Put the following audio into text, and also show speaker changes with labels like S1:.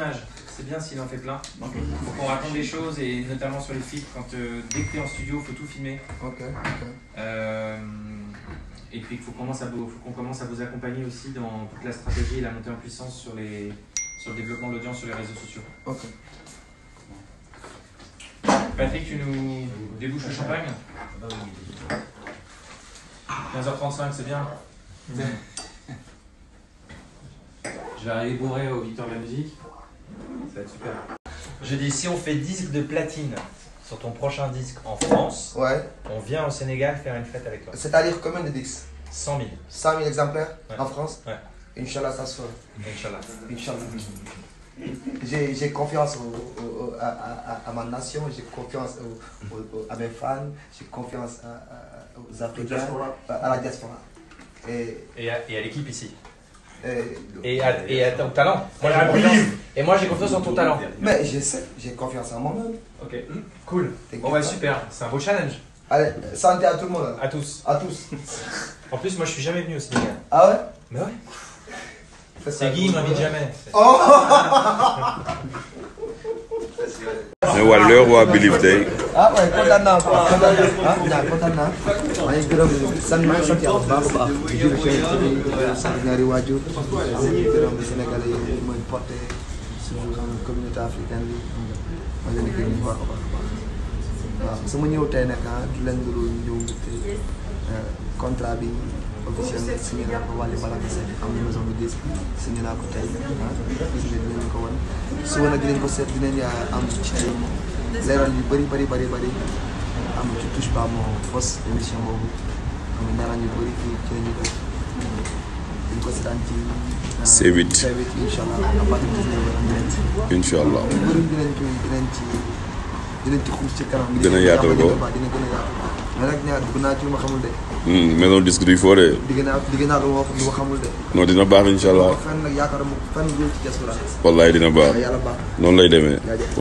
S1: images. C'est bien s'il en fait plein. Donc il raconte des choses et notamment sur les filtres. Quand, euh, en studio, faut tout filmer. Euh, et puis il faut qu'on commence, à vous accompagner aussi dans toute la stratégie et la montée en sur, le développement de l'audience sur les réseaux sociaux. Patrick, tu nous débouches le champagne c'est bien. Mmh. Je vais arriver de la musique. Ça va être super. Je dis, si on fait disque de platine sur ton prochain disque en France, on vient au Sénégal faire une fête avec toi. C'est-à-dire combien de disques exemplaires en France Ouais. J'ai confiance à, ma nation, j'ai confiance à mes fans, j'ai confiance à, aux à la diaspora. Et, à l'équipe ici et, a et à ton talent. Moi, j'ai confiance en ton talent. Mais j'essaie, j'ai confiance en moi Ok, cool. Bon, bah, super, c'est un beau challenge. Allez, santé à tout le monde. À tous. À tous. en plus, moi, je suis jamais venu au Sénégal. Ah ouais Mais ouais. C'est Guy, il m'invite jamais. ne waa Leur waa Believe Day. ah oui kontaan naa ko kontaan naa ah ñaar kontaan naa maa ngi gërëm sant maa ngi sant yàlla bu baax a baax di gërëm ci sant ñaari waajur di gërëm Sénégalais yi mooy porté suñu communauté africaine bi ma leen di gërëm bu baax a baax waaw sama ñëw tey nag ah du leen dul ñëw te euh, contrat bi. officiel signé naa ko Wally Ballago Seck am na maison bu diis signé dinañ ko wan dinañ ko am ci leeral yu bëri bëri bëri bëri am ci touche pas mon boss émission boobu am na dara ñu ko dañ ko seetaan ci C8 ci dinañ ci xuus ci kanam dina mais nag ñaar a naa ci lu ma xamul de. Hmm, maison disque du foo de. digg naa digg naa lu ma xamul de. non dina baax incha allah. fenn nag yaakaar naa fenn bu ci des dina baax. yàlla baax noonu lay demee.